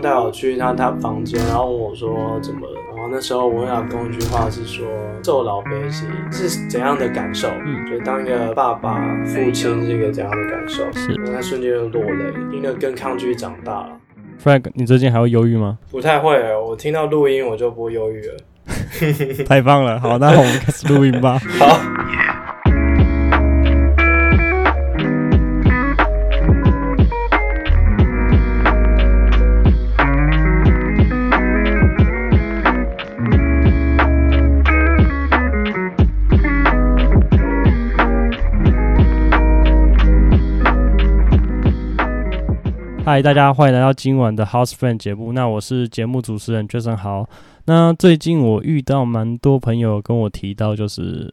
帶我去他他房間，然後問我說怎麼了。然後那時候我跟他講一句話，是說做老百姓是怎樣的感受。嗯，就當一個爸爸、父親是一個怎樣的感受？是，那瞬間就落淚，因為更抗拒長大了。Frank，你最近還會憂鬱嗎？不太會、欸，我聽到錄音我就不憂鬱了。 太棒了，好，那我們開始錄音吧。 好。嗨，大家歡迎來到今晚的 HAO'S Friends 節目。那我是節目主持人 Jason Hao。那最近我遇到蠻多朋友跟我提到，就是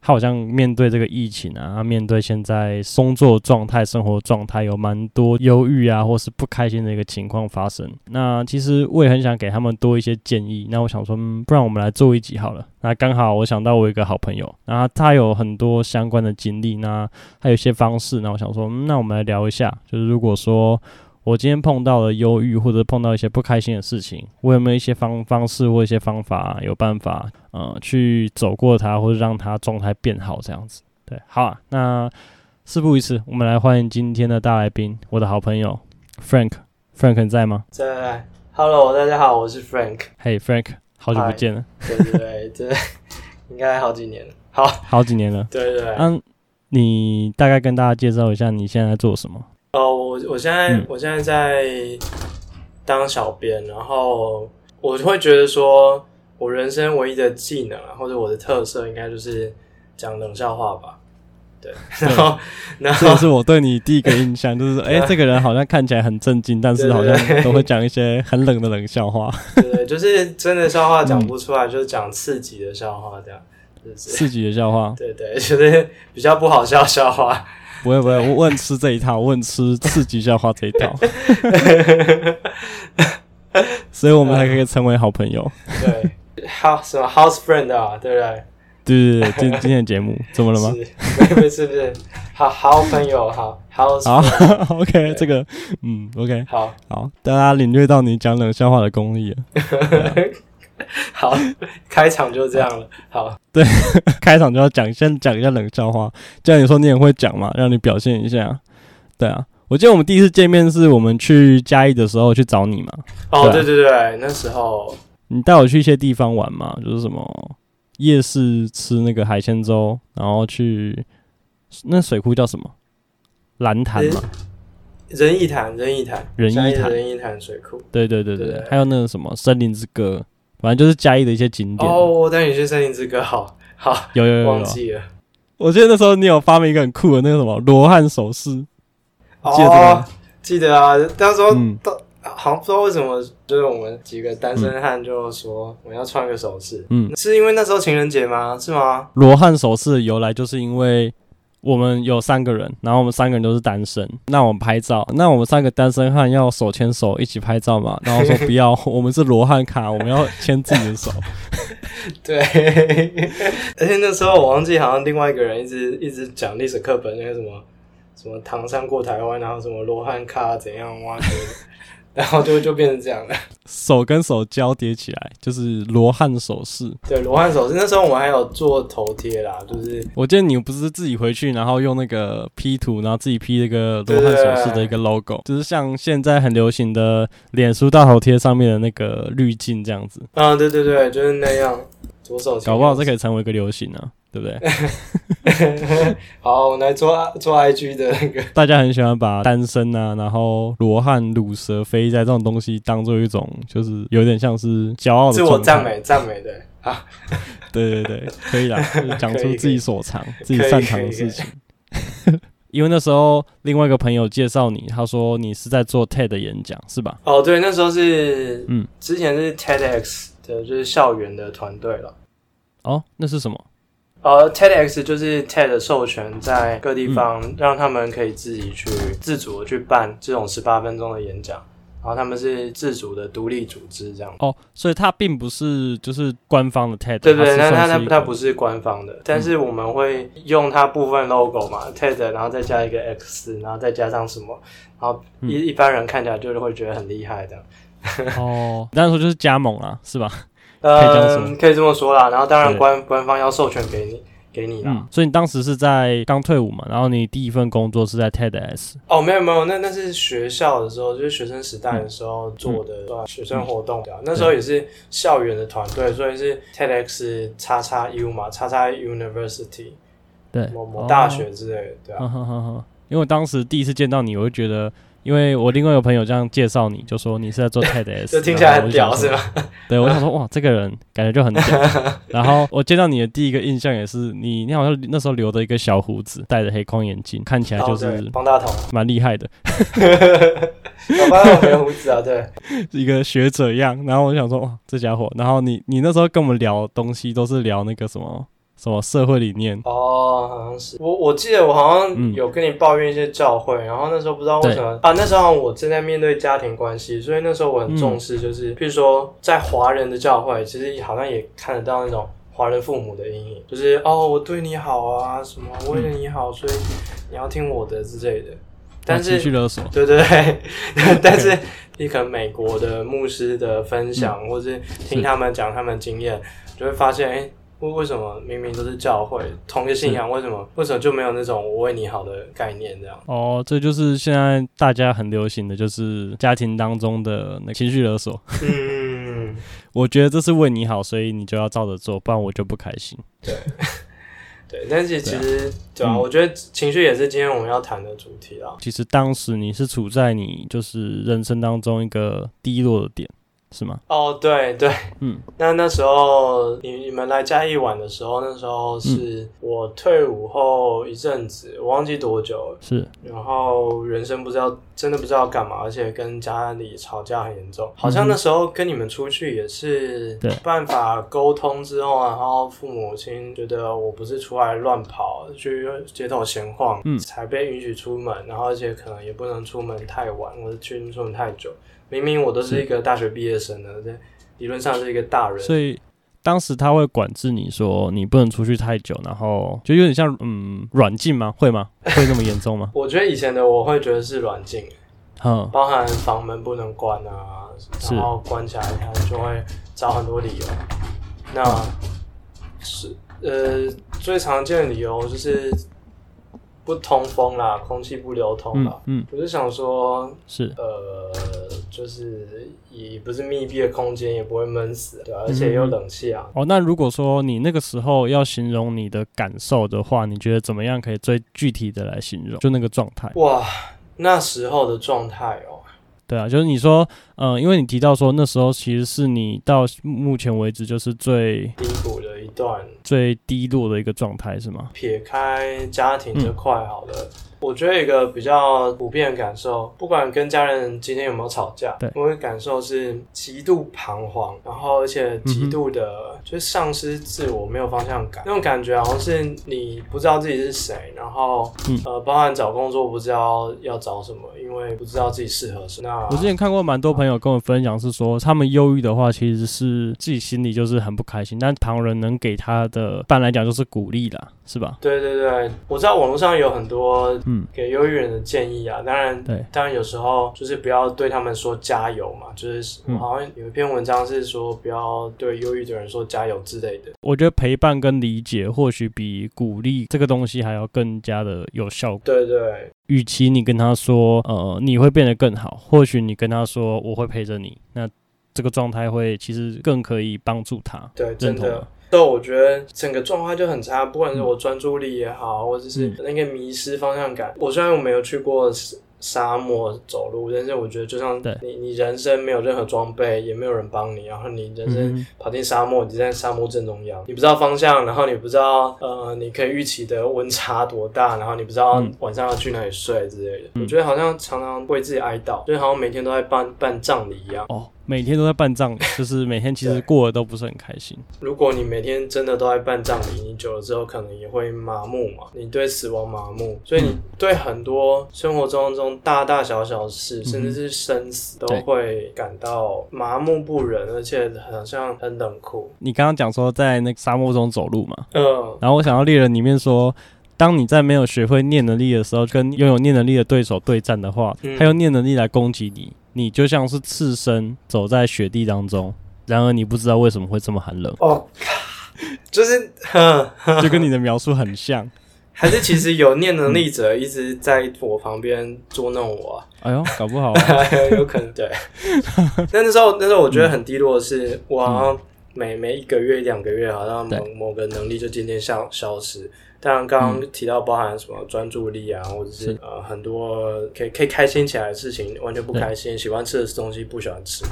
他好像面對這個疫情啊，面對現在工作狀態、生活狀態，有蠻多憂鬱啊，或是不開心的一個情況發生。那其實我也很想給他們多一些建議。那我想說，嗯，不然我們來做一集好了。那剛好我想到我有一個好朋友，那他有很多相關的經歷，那他有一些方式。那我想說，嗯，那我們來聊一下，就是如果說我今天碰到了憂鬱，或者碰到一些不開心的事情，我有沒有一些方方式或一些方法有辦法，呃，去走過它，或者讓它狀態變好這樣子？對，好、啊，那事不宜遲，我們來歡迎今天的大來賓，我的好朋友 Frank，Frank Frank, 你在嗎？在、hey,，Hello，大家好，我是 Frank、hey,。嘿，Frank，好久不見了。Hi, 對對對，對，應該好幾年了。好好幾年了。 對，對對。嗯、啊，你大概跟大家介紹一下你現在在做什麼？哦、呃，我我現在、嗯、我現在在當小編，然後我會覺得說我人生唯一的技能啊，或者我的特色應該就是講冷笑話吧。對，然後然後這是我對你第一個印象， 就是說，哎、欸啊，這個人好像看起來很正經，但是好像都會講一些很冷的冷笑話。對，對，對。 對，對，對，就是真的笑話講不出來，嗯、就是講刺、就是、刺激的笑話，這樣刺激的笑話。對對，就是比較不好笑笑話。不會不會，我很吃這一套，我很吃刺激消化這一套， 所以我們還可以成為好朋友，嗯。對，好 什麼 house friend 啊，對不對？對對對，今天 今天的節目怎麼了嗎？是不是不是，不是，好好朋友，好 house friend，好好，OK，這個嗯，OK，好好，大家領略到你講冷笑話的功力了。好，開場就這樣了。好，對，開場就要講，先講一下冷笑話。這樣有時候你說你也會講嘛，讓你表現一下。對啊，我記得我們第一次見面是我們去嘉義的時候去找你嘛。啊、哦，對對對，那時候你帶我去一些地方玩嘛，就是什麼夜市吃那個海鮮粥，然後去那水庫叫什麼蘭潭嘛，仁義潭，仁義潭，仁義潭，仁義潭水庫。對對對對,對,對對對，還有那個什麼森林之歌。反正就是嘉義的一些景點哦，oh, 我帶你去《森林之歌》好好有，有有有忘記了有有有有，我記得那時候你有發明一個很酷的那個什麼羅漢手勢哦、oh，記得啊，那時候、嗯、到好像不知道為什麼就是我們幾個單身漢就說我要穿個手勢，嗯，是因為那時候情人節嗎？是嗎？羅漢手勢由來就是因為。我們有三個人，然後我們三個人都是單身。那我們拍照，那我們三個單身漢要手牽手一起拍照嘛？然後說不要， 我們是羅漢腳，我們要牽自己的手。 對， 而且那時候我忘記好像另外一個人一直一直講歷史課本那個什麼什麼唐山過台灣，然後什麼羅漢腳怎樣挖掘。 然後就就變成這樣了，手跟手交疊起來，就是羅漢手勢。對，羅漢手勢。那時候我們還有做頭貼啦，就是我記得你不是自己回去，然後用那個 P 圖，然後自己 P 一個羅漢手勢的一個 logo，對對對對，就是像現在很流行的臉書大頭貼上面的那個濾鏡這樣子。啊、嗯，對對對，就是那樣。左手搞不好這可以成為一個流行呢、啊。對不對？ 好，我來抓抓 IG 的、那個、大家很喜歡把單身啊，然後羅漢、魯蛇、飛在這種東西，當做一種就是有點像是驕傲的自我讚美、讚美。的。好、啊，對對對，可以啦，講 出自己所長、自己擅長的事情。 因為那時候另外一個朋友介紹你，他說你是在做 TED 演講是吧？哦，對，那時候是嗯，之前是 TEDx 的，就是校園的團隊了。哦，那是什麼？呃 TEDx 就是 TED 授權在各地方，讓他們可以自己去自主的去辦這種十八分鐘的演講，然後他們是自主的獨立組織這樣。哦，所以它並不是就是官方的 TED 是、是。對對對，那那那它不是官方的，但是我們會用它部分 logo 嘛、嗯、，TED，然後再加一個 X，然後再加上什麼，然後一、嗯、一般人看起來就會覺得很厲害的。 哦，那時候就是加盟了、啊，是吧？嗯、呃，可以這麼說啦。然後當然官官方要授權給你，給你啦。嗯、所以你當時是在剛退伍嘛，然後你第一份工作是在 TEDx。哦，沒有沒有，那那是學校的時候，就是學生時代的時候做的學生活動、嗯、對吧？那時候也是校園的團隊，所以是 TEDx 叉叉 U 嘛，叉叉 University 對，某某大學之類的。哦、對吧、啊？因為我當時第一次見到你，我會覺得。因為我另外有朋友這樣介紹你，就說你是在做 TEDx，就聽起來很屌是吧？對，我想說哇，這個人感覺就很屌。 然後我見到你的第一個印象也是你，你好像那時候留着一個小胡子，戴着黑框眼鏡，看起來就是、哦、方大同，蠻 厲害的。留了小胡子啊，對， 一個學者一樣。然後我就想說哇，這家伙。然後你你那時候跟我們聊東西都是聊那個什麼？什麼社會理念哦？好像是我，我記得我好像有跟你抱怨一些教會，嗯、然後那時候不知道為什麼啊。那時候我正在面對家庭關係，所以那時候我很重視，就是、嗯、譬如說在華人的教會，其實好像也看得到那種華人父母的陰影，就是哦，我對你好啊，什麼、嗯、為了你好，所以你要聽我的之類的。但是，你去勒索。對對對， 但是、okay. 你可能美國的牧師的分享，嗯、或是聽他們講他們經驗，就會發現哎。欸為為什麼明明都是教會同一個信仰，為什麼為什麼就沒有那種我為你好的概念這樣？哦，這就是現在大家很流行的就是家庭當中的那情緒勒索。嗯， 嗯，我覺得這是為你好，所以你就要照着做，不然我就不開心。對， 對，但是其實，其實對啊，對啊，嗯，我覺得情緒也是今天我們要談的主題啊。其實當時你是處在你就是人生當中一個低落的點。是嗎？哦、oh，對對，嗯，那那時候你你們來嘉義玩的時候，那時候是我退伍後一陣子，我忘記多久了。是，然後人生不知道，真的不知道幹嘛，而且跟家裡吵架很嚴重。好像那時候跟你們出去也是，沒辦法溝通之後，然後父母親覺得我不是出來亂跑去街頭閒晃，嗯，才被允許出門，然後而且可能也不能出門太晚，或者去出門太久。明明我都是一個大學畢業生了，在理論上是一個大人，所以當時他會管制你說你不能出去太久，然後就有點像嗯軟禁嗎？會嗎？ 會那麼嚴重嗎？我覺得以前的我會覺得是軟禁，嗯，包含房門不能關啊，然後關起來他就會找很多理由，那是呃最常見的理由就是不通風啦，空氣不流通啦。嗯，嗯我就想說，是呃。就是也不是密閉的空間，也不會悶死，對、啊，而且也有冷氣啊、喔。哦，那如果說你那個時候要形容你的感受的話，你覺得怎麼樣可以最具體的來形容？就那個狀態？哇，那時候的狀態哦。對啊，就是你說，嗯、呃，因為你提到說那時候其實是你到目前為止就是最低谷的一段。最低落的一個狀態是嗎？撇開家庭這塊好了，我覺得一個比較普遍的感受，不管跟家人今天有沒有吵架，對，我的感受是極度彷徨，然後而且極度的就是喪失自我，沒有方向感，那種感覺好像是你不知道自己是誰，然後呃，包含找工作不知道要找什麼，因為不知道自己適合什麼。那我之前看過蠻多朋友跟我分享是說，他們憂鬱的話其實是自己心裡就是很不開心，但旁人能給他。呃，般來講就是鼓勵啦，是吧？對對對，我知道網絡上有很多嗯給憂鬱人的建議啊，嗯、當然對，當然有時候就是不要對他們說加油嘛，就是、嗯、好像有一篇文章是說不要對憂鬱的人說加油之類的。我覺得陪伴跟理解，或許比鼓勵這個東西還要更加的有效果。對對對，與其你跟他說呃你會變得更好，或許你跟他說我會陪着你，那這個狀態會其實更可以幫助他、啊。對，真的。對，我覺得整個狀態就很差，不管是我專注力也好，或者是，是那個迷失方向感。我雖然我沒有去過沙漠走路，但是我覺得就像你，你人生沒有任何裝備，也沒有人幫你，然後你人生跑進沙漠，你就在沙漠正中央，你不知道方向，然後你不知道呃，你可以預期的溫差多大，然後你不知道晚上要去哪裡睡之類的。嗯、我覺得好像常常為自己哀悼，就好像每天都在辦辦葬禮一樣。哦。每天都在辦葬禮，就是每天其實過得都不是很開心。 如果你每天真的都在辦葬禮，你久了之後可能也會麻木嘛，你對死亡麻木，所以你對很多生活中中大大小小的事，嗯，甚至是生死，都會感到麻木不仁，而且好像很冷酷。你剛剛講說在那個沙漠中走路嘛，嗯，然後我想到獵人裡面說，當你在沒有學會念能力的時候，跟擁有念能力的對手對戰的話，嗯、他用念能力來攻擊你。你就像是赤身走在雪地當中，然而你不知道為什麼會這麼寒冷。哦、oh，就是， 就跟你的描述很像。 還是其實有念能力者一直在我旁邊捉弄我、啊。哎呦，搞不好、啊、 有可能對。但那 那時候那時候我覺得很低落的是，是 我好像每每一個月兩個月，好像某某個能力就漸漸消消失。像剛剛提到，包含什麼專注力啊，或者是呃很多可以可以開心起來的事情，完全不開心，喜歡吃的東西不喜歡吃，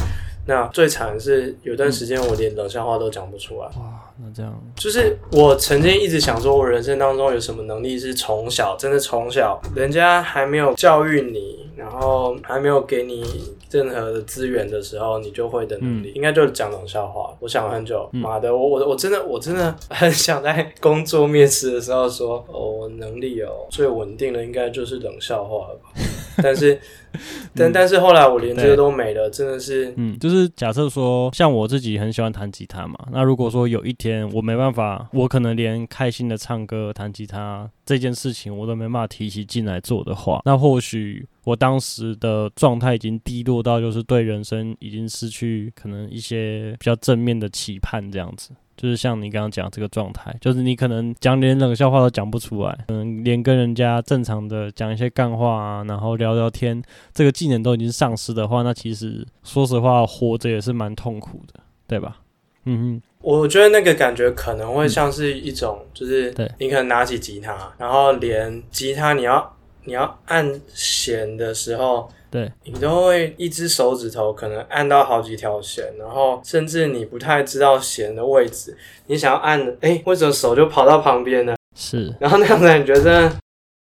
那最慘的是有段時間我連冷笑話都講不出來。哇，那這樣就是我曾經一直想說，我人生當中有什麼能力是從小，真的從小，人家還沒有教育你。然後還沒有給你任何的資源的時候，你就會的能力、嗯，應該就是講冷笑話。我想了很久，嗯、媽的，我我我真的我真的很想在工作面試的時候說，我、哦、能力哦，最穩定的應該就是冷笑話了吧。 但是，嗯、但但是後來我連這個都沒了，真的是，嗯，就是假設說，像我自己很喜歡彈吉他嘛，那如果說有一天我沒辦法，我可能連開心的唱歌、彈吉他這件事情，我都沒辦法提起勁來做的話，那或許。我當時的狀態已經低落到，就是對人生已經失去可能一些比較正面的期盼，這樣子，就是像你剛剛講這個狀態，就是你可能講連冷笑話都講不出來，可能連跟人家正常的講一些幹話啊，然後聊聊天，這個技能都已經喪失的話，那其實說實話，活着也是蠻痛苦的，對吧？嗯哼，我覺得那個感覺可能會像是一種，就是你可能拿起吉他，然後連吉他你要。你要按弦的時候，對，你都會一隻手指頭可能按到好幾條弦，然後甚至你不太知道弦的位置，你想要按，哎，為什麼手就跑到旁邊呢？是，然後那樣子感覺真的。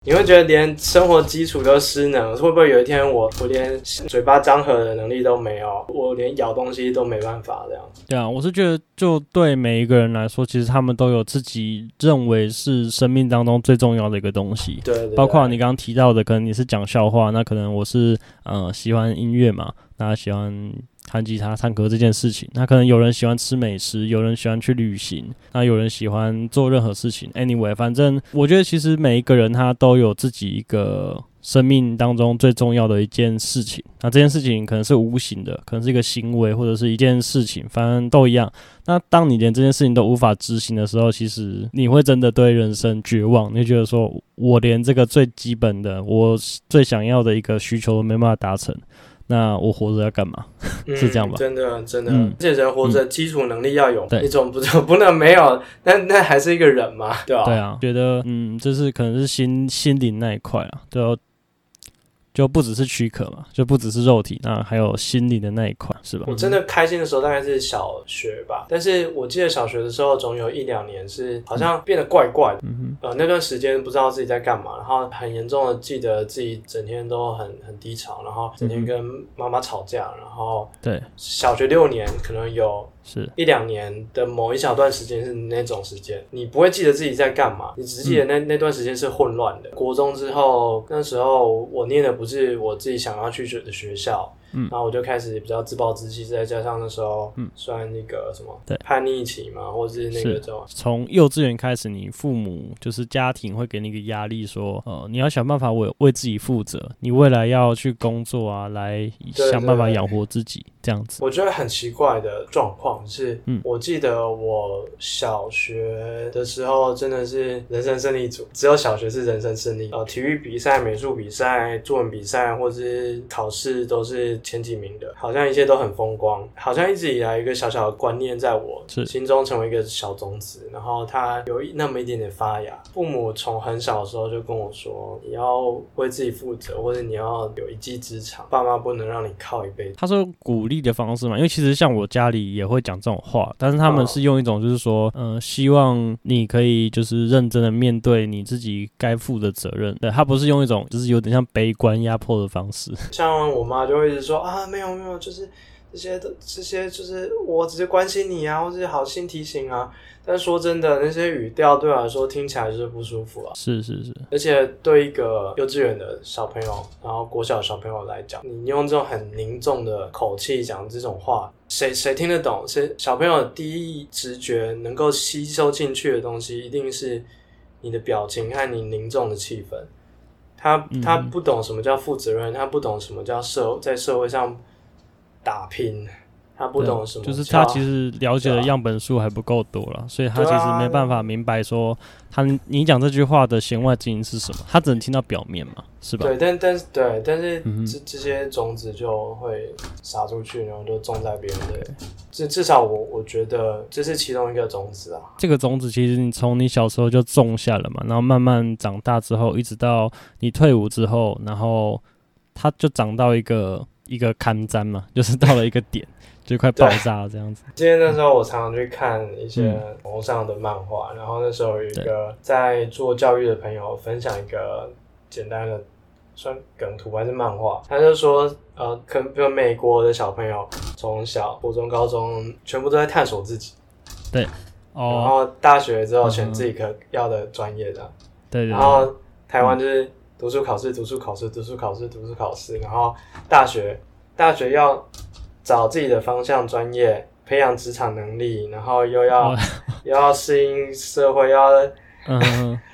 你會覺得連生活基礎都失能，會不會有一天我我連嘴巴張合的能力都沒有，我連咬東西都沒辦法這樣子？對啊，我是覺得就對每一個人來說，其實他們都有自己認為是生命當中最重要的一個東西。對，對，包括你剛剛提到的，可能你是講笑話，那可能我是嗯、呃、喜歡音樂嘛，那喜歡。彈吉他、唱歌這件事情，那可能有人喜歡吃美食，有人喜歡去旅行，那有人喜歡做任何事情。Anyway，反正我覺得其實每一個人他都有自己一個生命當中最重要的一件事情。那這件事情可能是無形的，可能是一個行為或者是一件事情，反正都一樣。那當你連這件事情都無法執行的時候，其實你會真的對人生絕望。你覺得說我連這個最基本的，我最想要的一個需求都沒辦法達成。那我活着要幹嘛？嗯、 是這樣吧？真的，真的，嗯、這人活着基礎能力要有，一種不能、嗯嗯、 不能沒有。那那還是一個人嘛，對吧？對啊，覺得嗯，就是可能是心心靈那一塊啊，對啊。就不只是軀殼嘛，就不只是肉體，那還有心理的那一塊，是吧？我真的開心的時候大概是小學吧，但是我記得小學的時候總有一兩年是好像變得怪怪的，嗯嗯、呃，那段時間不知道自己在幹嘛，然後很嚴重的記得自己整天都很很低潮，然後整天跟媽媽吵架，然後對，小學六年可能有。是，一兩年的某一小段時間是那種時間，你不會記得自己在幹嘛，你只記得那、嗯、那段時間是混亂的。國中之後，那時候我念的不是我自己想要去學的學校。嗯，然後我就開始比較自暴自棄，再加上那時候嗯，算那個什麼叛逆期嘛、嗯，或是那個叫從幼稚園開始，你父母就是家庭會給你一個壓力說，說呃，你要想辦法為為自己負責，你未來要去工作啊，來想辦法養活自己，這樣子對對對。我覺得很奇怪的狀況是，嗯，我記得我小學的時候真的是人生勝利組，只有小學是人生勝利呃，體育比賽、美術比賽、作文比賽，或是考試都是。前幾名的，好像一切都很風光，好像一直以來一個小小的觀念在我，是，心中成為一個小種子，然後它有那麼一點點發芽。父母從很小的時候就跟我說，你要為自己負責，或者你要有一技之長，爸媽不能讓你靠一輩子。他說鼓勵的方式嘛，因為其實像我家裡也會講這種話，但是他們是用一種就是說，嗯、oh. 呃，希望你可以就是認真的面對你自己該負的責任。對，他不是用一種就是有點像悲觀壓迫的方式，像我媽就會一直說。說啊，沒有沒有，就是這些都這些就是我只是關心你啊，我只是好心提醒啊。但說真的，那些語調對我來說聽起來就是不舒服啊。是是是，而且對一個幼稚園的小朋友，然後國小的小朋友來講，你用這種很凝重的口氣講這種話，誰誰聽得懂？誰小朋友的第一直覺能夠吸收進去的東西，一定是你的表情和你凝重的氣氛。他他不懂什麼叫負責任，他不懂什麼叫社，在社會上打拼。他不懂什麼就，就是他其實了解的樣本數還不夠多了、啊，所以他其實沒辦法明白說他你講這句話的弦外之音是什麼，他只能聽到表面嘛，是吧？對，但但是對，但是、嗯、這這些種子就會撒出去，然後就種在別人的。這、okay. 至,至少我我覺得這是其中一個種子啊。這個種子其實你從你小時候就種下了嘛，然後慢慢長大之後，一直到你退伍之後，然後它就長到一個一個坎站嘛，就是到了一個點。 就快爆炸了，這樣子。今天那時候，我常常去看一些網絡上的漫畫、嗯，然後那時候有一個在做教育的朋友分享一個簡單的，算梗圖還是漫畫，他就說，呃，可美國的小朋友從小初中高中全部都在探索自己，對，哦、然後大學之後選自己可要的專業，的，對，然後台灣就是讀書考試、嗯，讀書考試，讀書考試，讀書考試，然後大學大學要。找自己的方向，專業培養職場能力，然後又要 又要適應社會，要嗯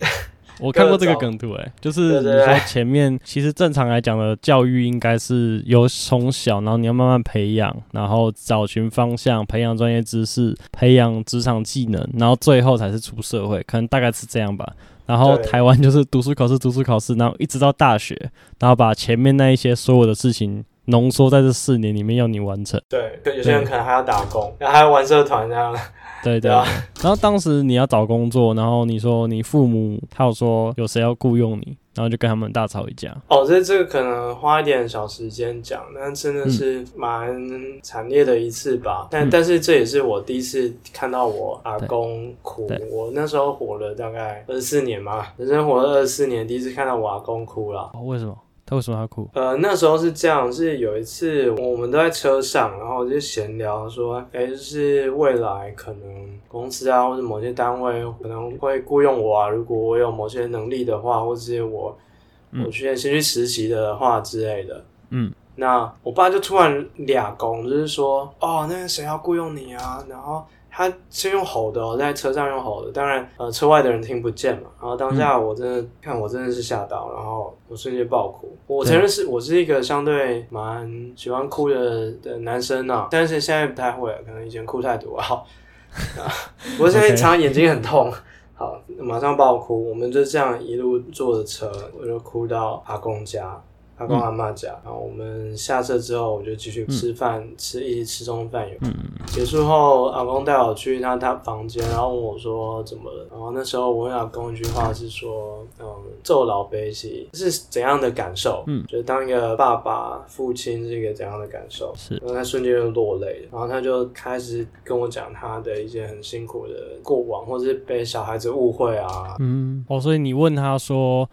我看過這個梗圖欸，誒，就是你說前面其實正常來講的教育應該是由從小，然後你要慢慢培養，然後找尋方向，培養專業知識，培養職場技能，然後最後才是出社會，可能大概是這樣吧。然後台灣就是讀書考試，讀書考試，然後一直到大學，然後把前面那一些所有的事情。濃縮在這四年裡面要你完成。對，對，有些人可能還要打工，然後還要玩社團這樣。對對,對。 然後當時你要找工作，然後你說你父母，他有說有誰要雇傭你，然後就跟他們大吵一架。哦，所以這個可能花一點小時間講，但真的是蠻慘烈的一次吧。嗯、但但是這也是我第一次看到我阿公哭。我那時候活了大概二十四年嘛，人生活了二十四年，第一次看到我阿公哭了、哦。為什麼？他會說他哭？呃，那時候是這樣，是有一次我們都在車上，然後就閒聊說，哎、欸，就是未來可能公司啊，或者某些單位可能會僱傭我啊，如果我有某些能力的話，或者我我去、嗯、先去實習的話之類的。嗯，那我爸就突然倆工，就是說，哦，那誰、個、要僱傭你啊？然後。他先用吼的哦，在車上用吼的。當然，呃，車外的人聽不見嘛。然後當下我真的看，我真的是嚇到，然後我瞬間爆哭。我承認是我是一個相對蠻喜歡哭的的男生吶、啊，但是現在不太會，可能以前哭太多、啊。好。不過現在一擦眼睛很痛，好，馬上爆哭。我們就這樣一路坐着車，我就哭到阿公家。阿公阿媽講、嗯，然後我們下車之後，我就繼續吃飯，嗯、吃一直吃中飯有。有、嗯、結束後，阿公帶我去他他房間，然後問我說怎麼了。然後那時候我問阿公一句話是說，嗯，坐老 b a 是怎樣的感受？嗯，就是當一個爸爸、父親是一個怎樣的感受？是，然後他瞬間就落淚，然後他就開始跟我講他的一些很辛苦的過往，或是被小孩子誤會啊。嗯，哦，所以你問他說。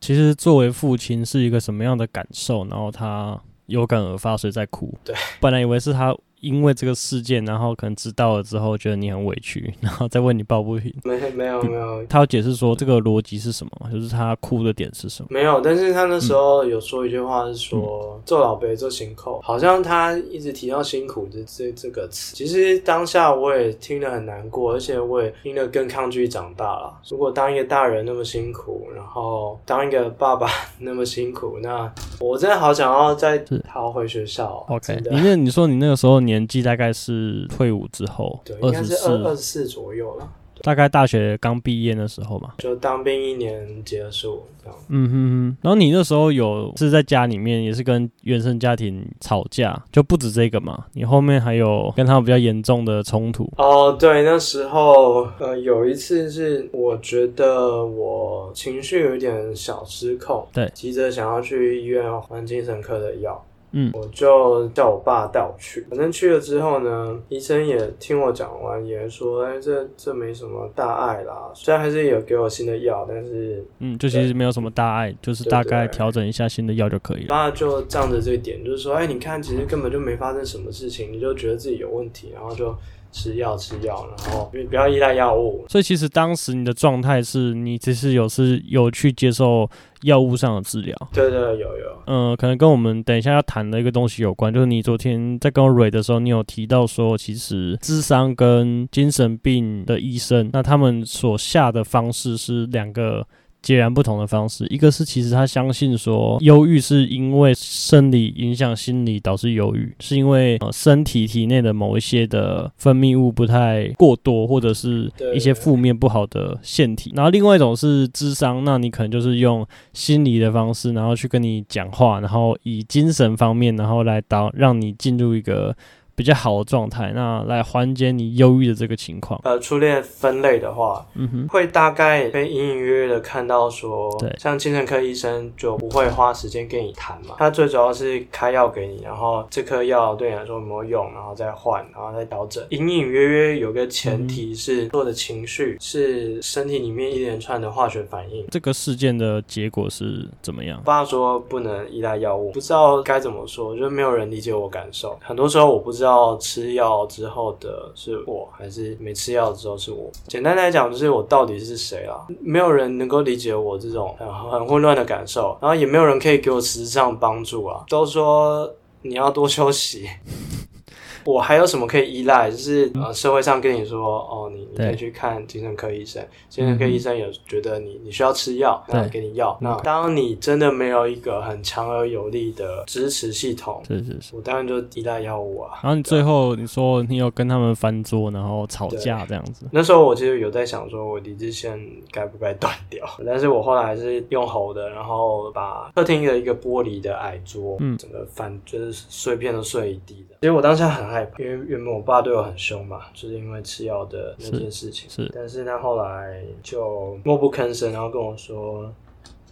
其實作為父親是一個什麼樣的感受？然後他有感而發，誰在哭？對，本來以為是他。因為這個事件，然後可能知道了之後，覺得你很委屈，然後再為你抱不平。沒沒有沒有。他有解釋說這個邏輯是什麼，就是他哭的點是什麼？沒有，但是他那時候有說一句話是說“嗯、做老輩做辛苦、嗯”，好像他一直提到“辛苦”的這這個詞。其實當下我也聽得很難過，而且我也聽得更抗拒長大了。如果當一個大人那麼辛苦，然後當一個爸爸那麼辛苦，那我真的好想要再逃回學校。OK，你那你說你那個時候你。年紀大概是退伍之後，對，24, 應該是二二十四左右了。大概大學剛畢業的時候嘛，就當兵一年結束這樣。嗯哼哼。然後你那時候有是在家裡面也是跟原生家庭吵架，就不止這個嘛。你後面還有跟他們比較嚴重的衝突。哦、呃，對，那時候呃有一次是我覺得我情緒有一點小失控，對，急着想要去醫院換精神科的藥。嗯，我就叫我爸帶我去。反正去了之後呢，醫生也聽我講完，也說，哎、欸，這這沒什麼大礙啦。雖然還是有給我新的藥，但是，嗯，就其實沒有什麼大礙，就是大概調整一下新的藥就可以了。對對對，爸就仗着這一點，就是說，哎、欸，你看，其實根本就沒發生什麼事情，你就覺得自己有問題，然後就。吃藥吃藥，然後你不要依賴藥物。所以其實當時你的狀態是你只是有是有去接受藥物上的治療。對，對對，有有。嗯、呃，可能跟我們等一下要談的一個東西有關，就是你昨天在跟我蕊的時候，你有提到說，其實諮商跟精神病的醫生，那他們所下的方式是兩個截然不同的方式，一個是其實他相信說，憂鬱是因為生理影響心理導致憂鬱，是因為呃身體體內的某一些的分泌物不太過多，或者是一些負面不好的腺體。然後另外一種是諮商，那你可能就是用心理的方式，然後去跟你講話，然後以精神方面，然後來導讓你進入一個，比較好的狀態，那來緩解你憂鬱的這個情況。呃，粗略分類的話，嗯哼，會大概被隱隱約約的看到說，對，像精神科醫生就不會花時間跟你談嘛，他最主要是開藥給你，然後這顆藥對你來說有沒有用，然後再換，然後再調整。隱隱約約有個前提是，嗯、做的情緒是身體裡面一連串的化學反應。這個事件的結果是怎麼樣？爸說不能依賴藥物，不知道該怎麼說，就是沒有人理解我感受。很多時候我不知道。要吃藥之後的是我，還是沒吃藥之後是我？簡單來講，就是我到底是誰啦？沒有人能夠理解我這種很很混亂的感受，然後也沒有人可以給我實質上的幫助啊！都說你要多休息。 我還有什麼可以依賴？就是呃、嗯，社會上跟你說，哦，你你可以去看精神科醫生，精神科醫生也覺得你你需要吃藥，然後給你藥。那、okay. 當你真的沒有一個很強而有力的支持系統，是是是我當然就依賴藥物啊。然後你最後你說你有跟他們翻桌，然後吵架這樣子。那時候我其實有在想，說我理智線該不該斷掉？但是我後來還是用吼的，然後把客廳的一個玻璃的矮桌，嗯，整個翻就是碎片都碎一地的。其實我當時很。因為原本我爸對我很兇嘛，就是因為吃藥的那件事情，是，但是他後來就默不吭聲，然後跟我說。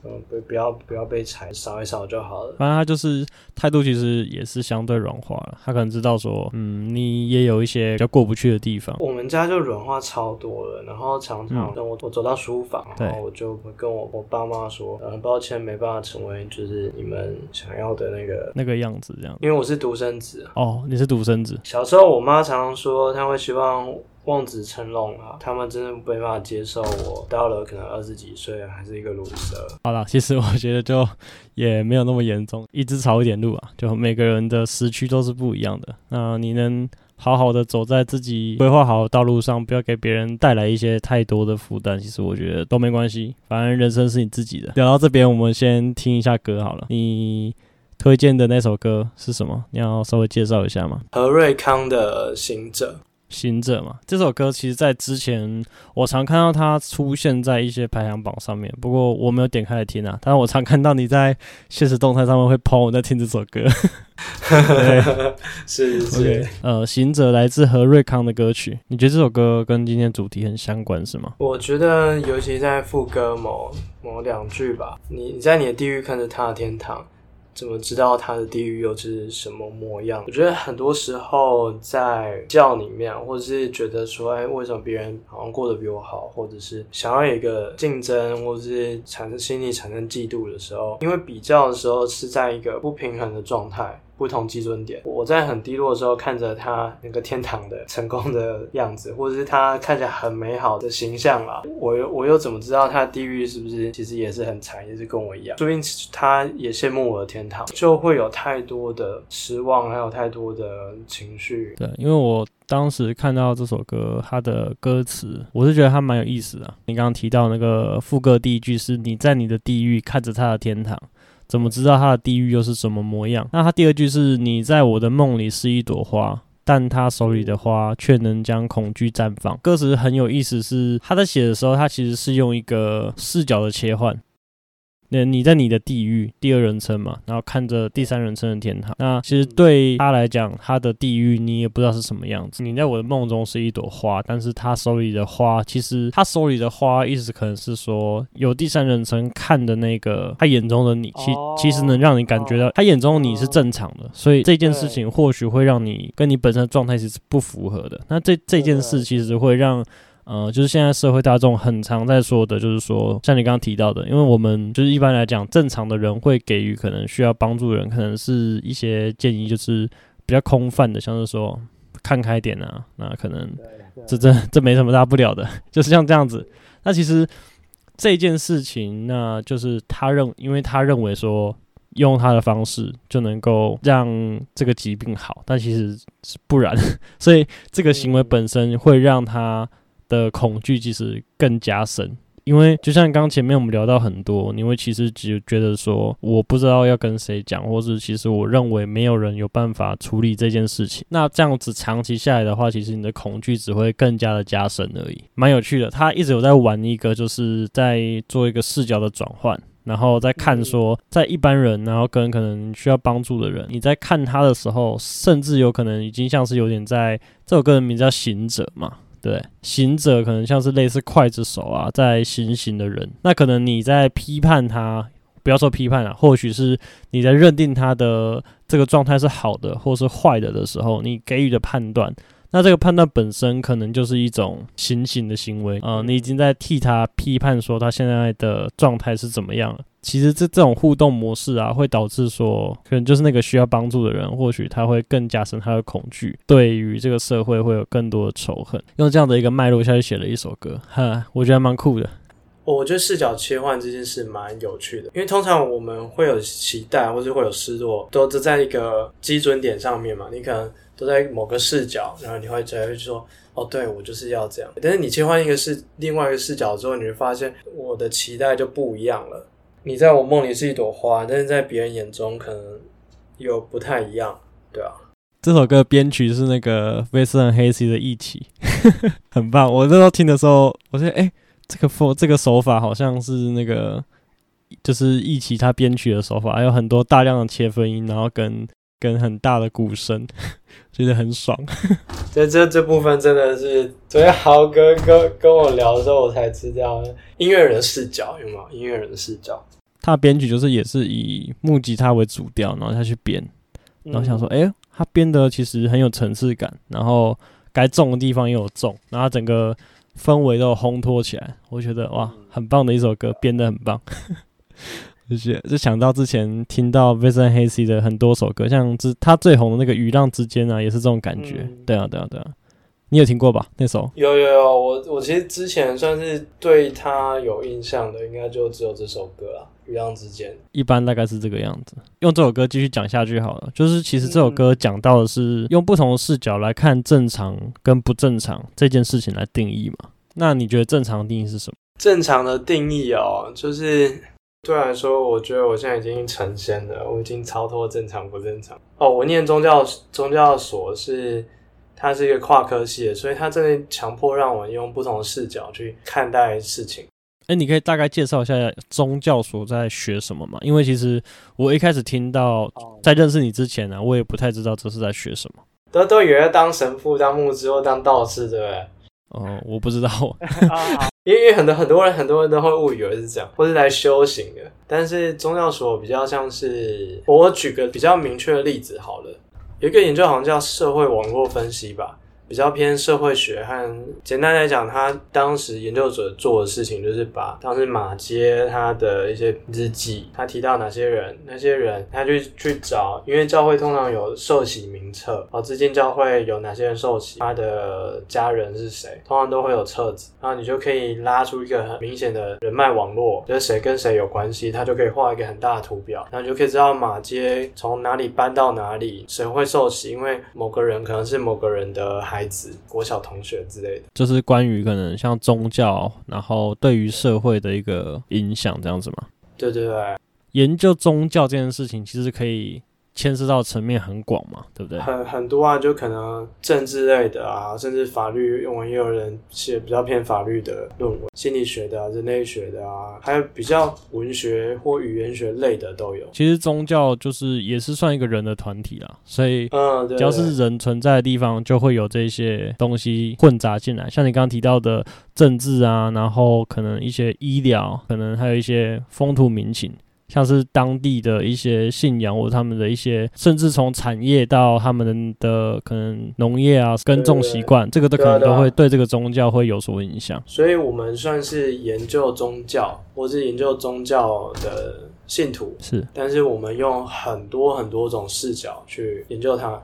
嗯，不不要不要被柴燒一燒就好了。反正他就是態度，其實也是相對軟化了。他可能知道說，嗯，你也有一些比較過不去的地方。我們家就軟化超多了，然後常常等我、嗯、我走到書房，然後我就跟我我爸媽說，很抱歉沒辦法成為就是你們想要的那個那個樣子這樣子。因為我是獨生子哦，你是獨生子。小時候我媽常常說，她會希望。望子成龍啊，他們真的沒辦法接受我到了可能二十幾歲還是一個 loser。好了，其實我覺得就也沒有那麼嚴重，一直朝一點路啊，就每個人的時區都是不一樣的。那你能好好的走在自己規劃好的道路上，不要給別人帶來一些太多的負擔，其實我覺得都沒關係。反正人生是你自己的。聊到這邊，我們先聽一下歌好了。你推薦的那首歌是什麼？你要稍微介紹一下嗎？何瑞康的《刑者》。刑者嘛，這首歌其實在之前我常看到它出現在一些排行榜上面，不過我沒有點開來聽啊。但是我常看到你在現實動態上面會 PO 我在聽這首歌。 Okay . 是,是, okay. 是是，呃，刑者來自何瑞康的歌曲，你覺得這首歌跟今天主題很相關是嗎？我覺得，尤其在副歌某某兩句吧，你你在你的地獄看着他的天堂。怎麼知道他的地獄又是什麼模樣？我覺得很多時候在教裡面，或者是覺得說，哎、欸，為什麼別人好像過得比我好，或者是想要有一個競爭，或者是產生心理產生嫉妒的時候，因為比較的時候是在一個不平衡的狀態。不同基準點，我在很低落的時候，看着他那個天堂的成功的樣子，或者是他看起來很美好的形象啊，我我又怎麼知道他的地獄是不是其實也是很慘，也是跟我一樣？說不定他也羨慕我的天堂，就會有太多的失望，還有太多的情緒。對，因為我當時看到這首歌，它的歌詞，我是覺得它蠻有意思的。你剛剛提到那個副歌第一句是“你在你的地獄看着他的天堂”。怎麼知道他的地獄又是什麼模樣？那他第二句是“你在我的夢裡是一朵花”，但他手裡的花卻能將恐懼綻放。歌詞很有意思是，是他在寫的時候，他其實是用一個視角的切換。那你在你的地獄，第二人稱嘛，然後看着第三人稱的天堂。那其實對他來講，他的地獄你也不知道是什麼樣子。你在我的夢中是一朵花，但是他手裡的花，其實他手裡的花，意思可能是說有第三人稱看的那個他眼中的你，其其實能讓你感覺到他眼中的你是正常的。所以這件事情或許會讓你跟你本身的狀態其實不符合的。那這這件事其實會讓。嗯、呃，就是現在社會大眾很常在說的，就是說像你剛剛提到的，因為我們就是一般來講，正常的人會給予可能需要幫助的人，可能是一些建議，就是比較空泛的，像是說看開點啊，那可能這這這沒什麼大不了的，就是像這樣子。那其實這件事情，那就是他認，因為他認為說用他的方式就能夠讓這個疾病好，但其實是不然，所以這個行為本身會讓他。的恐懼其實更加深，因為就像剛前面我們聊到很多，你會其實只覺得說我不知道要跟誰講，或是其實我認為沒有人有辦法處理這件事情。那這樣子長期下來的話，其實你的恐懼只會更加的加深而已。蠻有趣的，他一直有在玩一個，就是在做一個視角的轉換，然後再看說，在一般人，然後跟可能需要幫助的人，你在看他的時候，甚至有可能已經像是有點在這首歌的名字叫《刑者》嘛。對，刑者，可能像是類似劊子手啊，在行刑的人，那可能你在批判他，不要說批判了，啊，或許是你在認定他的這個狀態是好的，或是壞的的時候，你給予的判斷。那這個判斷本身可能就是一種行刑，刑的行為啊，呃，你已經在替他批判說他現在的狀態是怎麼樣了。其實這這種互動模式啊，會導致說，可能就是那個需要幫助的人，或許他會更加深他的恐懼，對於這個社會會有更多的仇恨。用這樣的一個脈絡下去寫了一首歌，哼，我覺得還蠻酷的。我覺得視角切換這件事蠻有趣的，因為通常我們會有期待，或者會有失落，都是在一個基準點上面嘛。你可能。都在某個視角，然後你會覺得說：“哦，對，我就是要這樣。”但是你切換一個視，另外一個視角之後，你會發現我的期待就不一樣了。你在我夢裡是一朵花，但是在別人眼中可能又不太一樣，對吧、啊？這首歌編曲是那個 Vinson Hazy 的一起，很棒。我那時候聽的時候，我覺得：“誒、欸、這個 f 這個手法好像是那個，就是一起他編曲的手法，還有很多大量的切分音，然後跟跟很大的鼓聲。”其實很爽。對，在這這部分真的是昨天豪哥跟跟我聊的時候，我才知道音樂人視角有沒有？音樂人視角，他編曲就是也是以木吉他為主調，然後他去編，然後想說，哎、嗯欸，他編的其實很有層次感，然後該重的地方也有重，然後整個氛圍都有烘托起來，我覺得哇，很棒的一首歌，編的很棒。嗯 就是就想到之前聽到 Vincent Hsi 的很多首歌，像之他最紅的那個《雨浪之間》啊，也是這種感覺。對、嗯、啊，對啊，啊、對啊，你有聽過吧？那首有有有，我我其實之前算是對他有印象的，應該就只有這首歌啊，《雨浪之間》。一般大概是這個樣子。用這首歌繼續講下去好了。就是其實這首歌講到的是用不同的視角來看正常跟不正常這件事情來定義嘛。那你覺得正常的定義是什麼？正常的定義哦，就是。對來說，我覺得我現在已經成仙了，我已經超脫正常不正常。哦，我念宗教宗教所，是它是一個跨科系的，所以它真的強迫讓我用不同視角去看待事情。誒，你可以大概介紹一下宗教所在學什麼嗎？因為其實我一開始聽到在認識你之前呢、啊，我也不太知道這是在學什麼。都都以為當神父、當牧師或當道士，對不對？哦、嗯，我不知道。 因為很多很多人很多人都會誤以為是這樣，或是來修行的。但是宗教所比較像是，我舉個比較明確的例子好了，有一個研究好像叫社會網絡分析吧。比較偏社會學和簡單來講，他當時研究者做的事情就是把當時馬街他的一些日記，他提到哪些人，那些人他就去找，因為教會通常有受洗名冊，好，這間教會有哪些人受洗，他的家人是誰，通常都會有冊子，然後你就可以拉出一個很明顯的人脈網絡，就是誰跟誰有關係，他就可以畫一個很大的圖表，然後你就可以知道馬街從哪裡搬到哪裡，誰會受洗，因為某個人可能是某個人的孩。孩子、國小同學之類的，就是關於可能像宗教，然後對於社會的一個影響這樣子嘛。對對對、啊，研究宗教這件事情其實可以。牽涉到層面很廣嘛，對不對？很很多啊，就可能政治類的啊，甚至法律用文也有人寫比較偏法律的論文，心理學的啊，啊，人類學的啊，還有比較文學或語言學類的都有。其實宗教就是也是算一個人的團體啦，所以，嗯，對對對，只要是人存在的地方，就會有這些東西混雜進來。像你剛剛提到的政治啊，然後可能一些醫療，可能還有一些風土民情。像是當地的一些信仰，或者他們的一些，甚至從產業到他們的可能農業啊、耕種習慣，這個都可能都會對這個宗教會有所影響。所以，我們算是研究宗教，或是研究宗教的信徒？是，但是我們用很多很多種視角去研究它。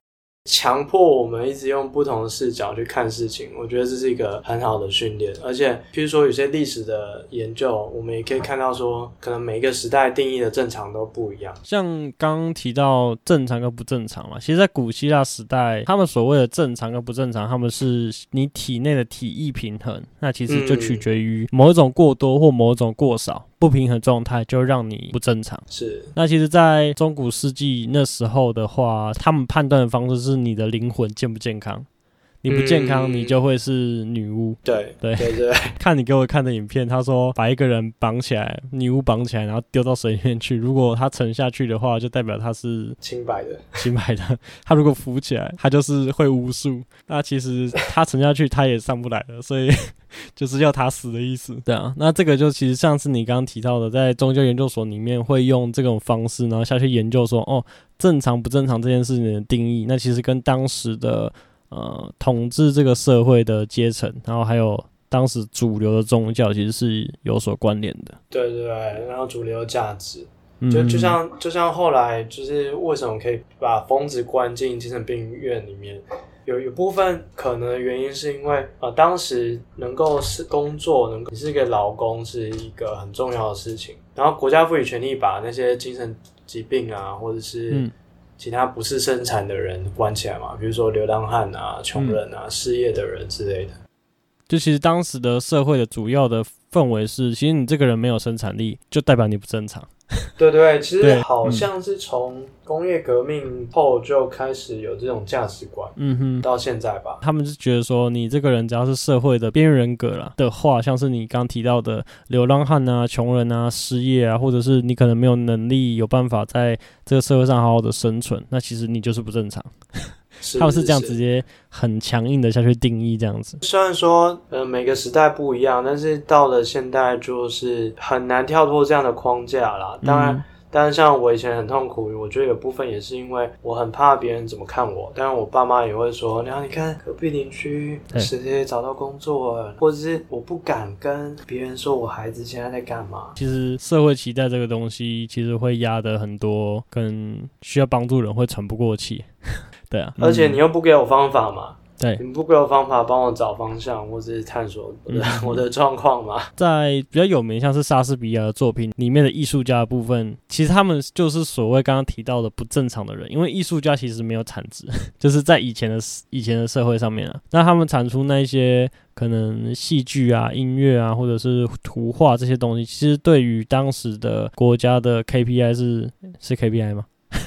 強迫我們一直用不同的視角去看事情，我覺得這是一個很好的訓練。而且，譬如說有些歷史的研究，我們也可以看到說，可能每一個時代定義的正常都不一樣。像剛提到正常跟不正常嘛，其實在古希臘時代，他們所謂的正常跟不正常，他們是你體內的體液平衡，那其實就取決於某一種過多或某一種過少。嗯。嗯不平衡狀態就讓你不正常。是，那其實，在中古世紀那時候的話，他們判斷的方式是你的靈魂健不健康，你不健康，你就會是女巫。嗯、對對對對，看你給我看的影片，他說把一個人綁起來，女巫綁起來，然後丟到水裡面去，如果她沉下去的話，就代表她是清白的，清白的。她 如果浮起來，她就是會巫術。那其實她沉下去，她也上不來的，所以。 就是要他死的意思。對啊，那這個就其實上次你剛剛提到的，在宗教研究所裡面會用這種方式，然後下去研究說，哦，正常不正常這件事情的定義，那其實跟當時的呃統治這個社會的階層，然後還有當時主流的宗教其實是有所關聯的。對對對，然後主流價值，就就像就像後來就是為什麼可以把瘋子關進精神病院裡面。有有部分可能的原因是因為，呃，當時能夠是工作，能夠你是一個勞工，是一個很重要的事情。然後國家賦予權力把那些精神疾病啊，或者是其他不是生產的人關起來嘛，嗯、比如說流浪漢啊、窮人啊、嗯、失業的人之類的。就其實當時的社會的主要的。氛圍是，其實你這個人沒有生產力，就代表你不正常。 對，對對，其實好像是從工業革命後就開始有這種價值觀，嗯哼，到現在吧，他們是覺得說，你這個人只要是社會的邊緣人格了的話，像是你剛提到的流浪漢啊、窮人啊、失業啊，或者是你可能沒有能力有辦法在這個社會上好好的生存，那其實你就是不正常。 是是是，他們是這樣直接很強硬的下去定義這樣子。雖然說，呃，每個時代不一樣，但是到了現在就是很難跳脫這樣的框架啦。當然，當、嗯、然、嗯、像我以前很痛苦，我覺得有部分也是因為我很怕別人怎麼看我。但是，我爸媽也會說：“，然後你看隔壁鄰居直接找到工作了，或者是我不敢跟別人說我孩子現在在幹嘛。”其實社會期待這個東西，其實會壓得很多，跟需要幫助人會喘不過氣。 對啊，而且你又不給我方法嘛。對，你不給我方法，幫我找方向或者是探索我的狀 況嘛。在比較有名，像是莎士比亞的作品裡面的藝術家的部分，其實他們就是所謂剛剛提到的不正常的人，因為藝術家其實沒有產值，就是在以前的以前的社會上面啊，那他們產出那一些可能戲劇啊、音樂啊，或者是圖畫這些東西，其實對於當時的國家的 KPI 是是 KPI 嗎？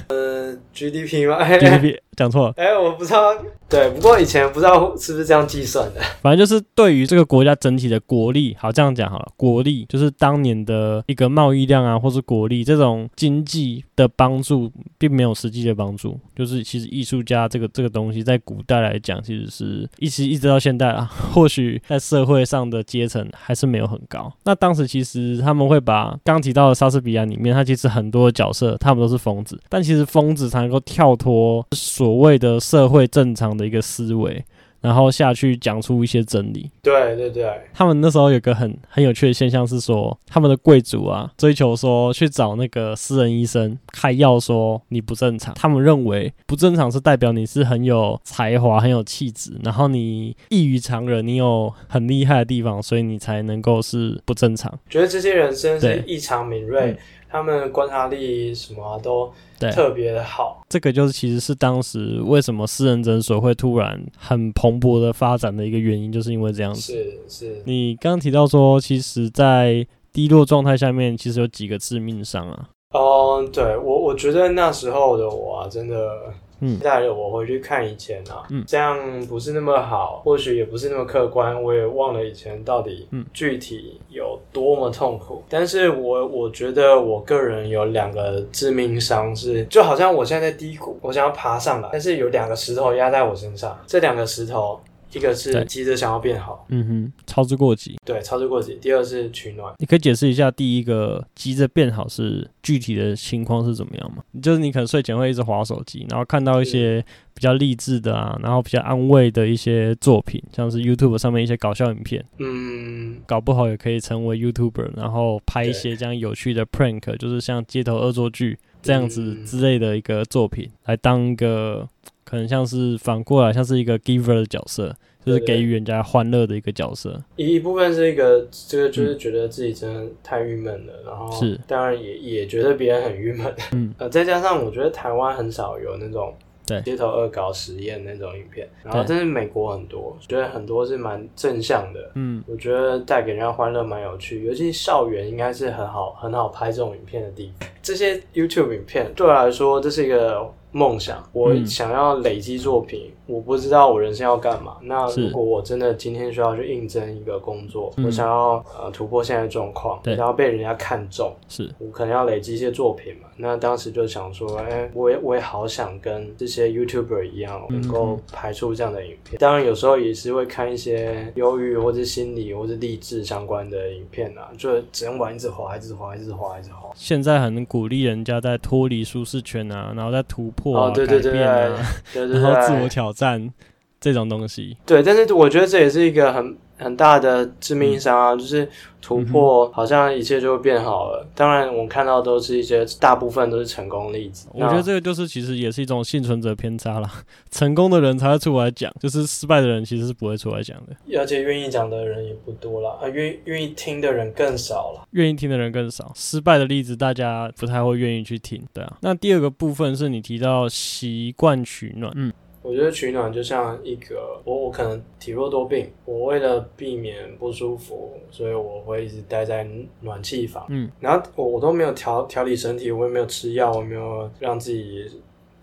呃，GDP 嗎 ，GDP。講錯了，哎，我不知道，對，不過以前不知道是不是這樣計算的，反正就是對於這個國家整體的國力，好這樣講好了，國力就是當年的一個貿易量啊，或是國力這種經濟的幫助，並沒有實際的幫助，就是其實藝術家這個這個東西在古代來講，其實是一直一直到現代啊，或許在社會上的階層還是沒有很高。那當時其實他們會把剛提到的莎士比亞裡面，他其實很多的角色他們都是瘋子，但其實瘋子才能夠跳脫所。所謂的社會正常的一個思維，然後下去講出一些真理。對對對，他們那時候有個很很有趣的現象是說，他們的貴族啊，追求說去找那個私人醫生開藥，說你不正常。他們認為不正常是代表你是很有才華、很有氣質，然後你異於常人，你有很厲害的地方，所以你才能夠是不正常。覺得這些人真是異常敏銳。他們觀察力什麼、啊、都特別的好，這個就是其實是當時為什麼私人診所會突然很蓬勃的發展的一個原因，就是因為這樣子。是是，你剛剛提到說，其實在低落狀態下面，其實有幾個致命傷啊。哦、呃，對我，我覺得那時候的我、啊、真的。嗯，帶着我回去看以前啊。嗯，這樣不是那麼好，或許也不是那麼客觀。我也忘了以前到底，嗯，具體有多麼痛苦，但是我我覺得我個人有兩個致命傷，是就好像我現在在低谷，我想要爬上來，但是有兩個石頭壓在我身上，這兩個石頭。一個是急着想要變好，嗯哼，操之過急，對，操之過急。第二是取暖，你可以解釋一下第一個急着變好是具體的情況是怎麼樣嗎？就是你可能睡前會一直滑手機，然後看到一些比較勵志的啊，然後比較安慰的一些作品，像是 YouTube 上面一些搞笑影片，嗯，搞不好也可以成為 YouTuber，然後拍一些這樣有趣的 prank，就是像街頭惡作劇這樣子之類的一個作品，嗯、來當一個。可能像是反過來，像是一個 giver 的角色，就是給予人家歡樂的一個角色。一一部分是一個這個就是覺得自己真的太鬱悶了，然後當然也是也覺得別人很鬱悶。嗯， 呃，再加上我覺得台灣很少有那種對街頭惡搞實驗那種影片，然後但是美國很多，覺得很多是蠻正向的。嗯，我覺得帶給人家歡樂蠻有趣，尤其是校園應該是很好很好拍這種影片的地方。這些 YouTube 影片對我來說，這是一個。夢想，我想要累積作品、嗯。我不知道我人生要幹嘛。那如果我真的今天需要去應徵一個工作，嗯、我想要呃突破現在狀況，對，想要被人家看中，是我可能要累積一些作品嘛。那當時就想說，哎、欸，我也我也好想跟這些 YouTuber 一樣、喔，能夠拍出這樣的影片。嗯嗯，當然，有時候也是會看一些憂鬱，或者心理，或者勵志相關的影片啊。就整晚一直滑，一直滑，一直滑，一直滑。現在很鼓勵人家在脫離舒適圈啊，然後在突破啊，哦、對對對對、改變啊、對對對對 然後自我挑戰、哎、這種東西。對，但是我覺得這也是一個很。很大的致命傷啊、嗯，就是突破，好像一切就會變好了。嗯、當然，我們看到的都是一些大部分都是成功例子。我覺得這個就是其實也是一種倖存者偏差了，成功的人才會出來講，就是失敗的人其實是不會出來講的。而且願意講的人也不多啦。願、啊、願意聽的人更少了。願意聽的人更少，失敗的例子大家不太會願意去聽，對啊。那第二個部分是你提到習慣取暖，嗯。我覺得取暖就像一個，我我可能體弱多病，我為了避免不舒服，所以我會一直待在暖氣房。嗯，然後我我都沒有調調理身體，我也沒有吃藥，我沒有讓自己。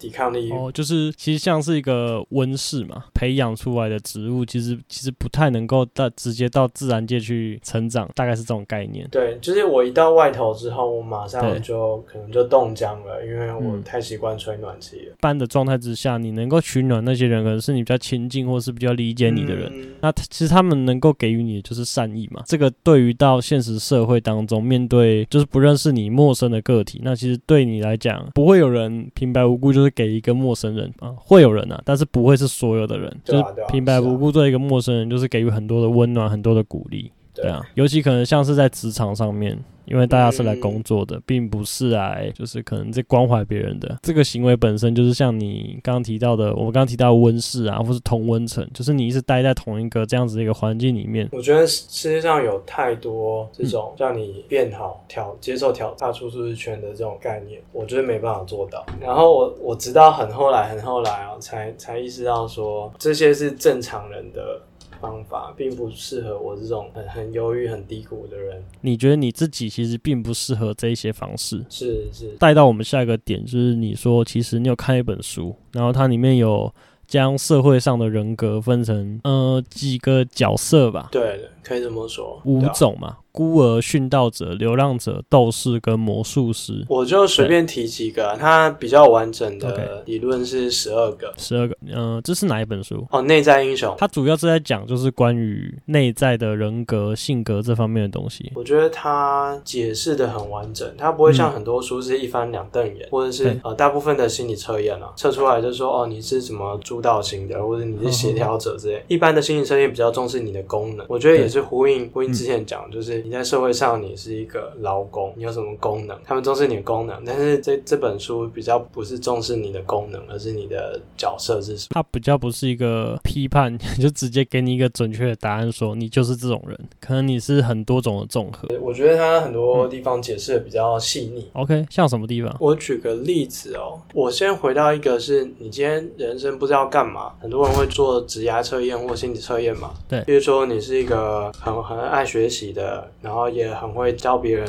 抵抗力哦，就是其實像是一個溫室嘛，培養出來的植物，其實其實不太能夠到直接到自然界去成長，大概是這種概念。對，就是我一到外頭之後，我馬上我就可能就凍僵了，因為我太習慣吹暖氣了。般、嗯、的狀態之下，你能夠取暖那些人，可能是你比較親近，或是比較理解你的人。嗯、那其實他們能夠給予你的就是善意嘛。這個對於到現實社會當中面對就是不認識你陌生的個體，那其實對你來講，不會有人平白無故就是。給一個陌生人啊，會有人啊，但是不會是所有的人。對啊、對啊，就是平白無故做一個陌生人，是啊，就是給予很多的溫暖，很多的鼓勵。對啊，尤其可能像是在職場上面，因為大家是來工作的，嗯、並不是來就是可能在關懷別人的這個行為本身，就是像你剛剛提到的，我們剛提到溫室啊，或是同溫層，就是你一直待在同一個這樣子的一個環境裡面。我覺得世界上有太多這種讓你變好、挑接受挑戰、跳出舒適圈的這種概念，我覺得沒辦法做到。然後我我直到很後來很後來啊、喔，才才意識到說這些是正常人的。方法並不適合我這種很很憂鬱、很低谷的人。你覺得你自己其實並不適合這一些方式，是是。帶到我們下一個點，就是你說，其實你有看一本書，然後它裡面有將社會上的人格分成呃幾個角色吧？對，可以這麼說，五種嘛。孤兒、殉道者、流浪者、鬥士跟魔術師，我就隨便提幾個、啊。他比較完整的理論是十二個，okay. 十二個。嗯、呃，這是哪一本書？哦，內在英雄。它主要是在講就是關於內在的人格、性格這方面的東西。我覺得它解釋的很完整，它不會像很多書是一翻兩瞪眼、嗯，或者是、嗯、呃大部分的心理測驗啊，測出來就說哦，你是什麼主導型的，或者你是協調者之類呵呵。一般的心理測驗比較重視你的功能，我覺得也是呼應呼應之前講就是。嗯你在社會上，你是一個勞工，你有什麼功能？他們重視你的功能，但是這這本書比較不是重視你的功能，而是你的角色是什麼？它比較不是一個批判，你就直接給你一個準確的答案，說你就是這種人。可能你是很多種的綜合。我覺得它很多地方解釋的比較細膩、嗯。OK，像什麼地方？我舉個例子哦，我先回到一個是你今天人生不知道幹嘛，很多人會做職業測驗或心理測驗嘛？對，比如說你是一個很很愛學習的。然後也很會教別人